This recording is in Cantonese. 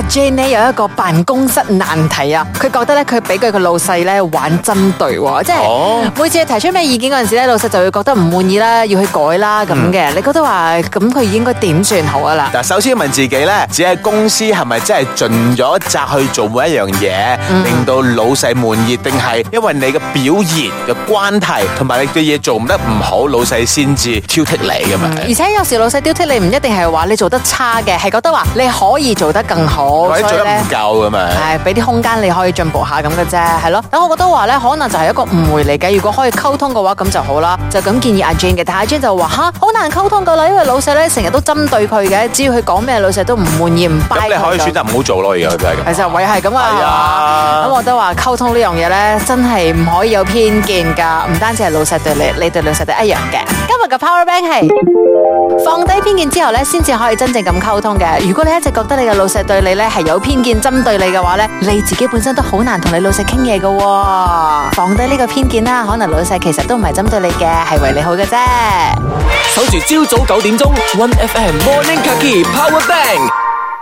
阿 Jane 咧有一個辦公室難題啊，佢覺得咧佢俾佢個老細咧玩針對，哦、即係每次提出咩意見嗰陣時咧，老細就會覺得唔滿意啦，要去改啦咁嘅。你覺得話咁佢應該點算好啊啦？嗱，首先問自己咧，只係公司係咪真係盡咗責去做每一樣嘢，嗯，令到老細滿意，定係因為你嘅表現嘅關係，同埋你嘅嘢做唔得唔好，老細先至挑剔你咁樣，嗯？而且有時老細挑剔你唔一定係話你做得差嘅，係覺得話你可以做得更好。我做得唔夠咁樣，係俾啲空間你可以進步下咁嘅啫，係咯。咁我覺得話咧，可能就係一個誤會嚟嘅。如果可以溝通嘅話，咁就好啦。就咁建議阿 Jane 嘅，但阿 Jane 就話吓，好難溝通噶啦，因為老細咧成日都針對佢嘅，只要佢講咩，老細都唔滿意唔 buy 嘅。咁你可以選擇唔好做咯，而家佢都係咁。其實偉係咁啊，咁我都話溝通呢樣嘢咧，真係唔可以有偏見噶，唔單止係老細對你，你對老細都一樣嘅。今日嘅 Power Bank 係放低偏見之後咧，先至可以真正咁溝通嘅。如果你一直覺得你嘅老細對你，你咧係有偏見針對你嘅話咧，你自己本身都好難同你老細傾嘢嘅，放低呢個偏見啦。可能老細其實都唔係針對你嘅，係為你好嘅啫。守住朝早九點鐘，One FM Morning Kaki Power Bank。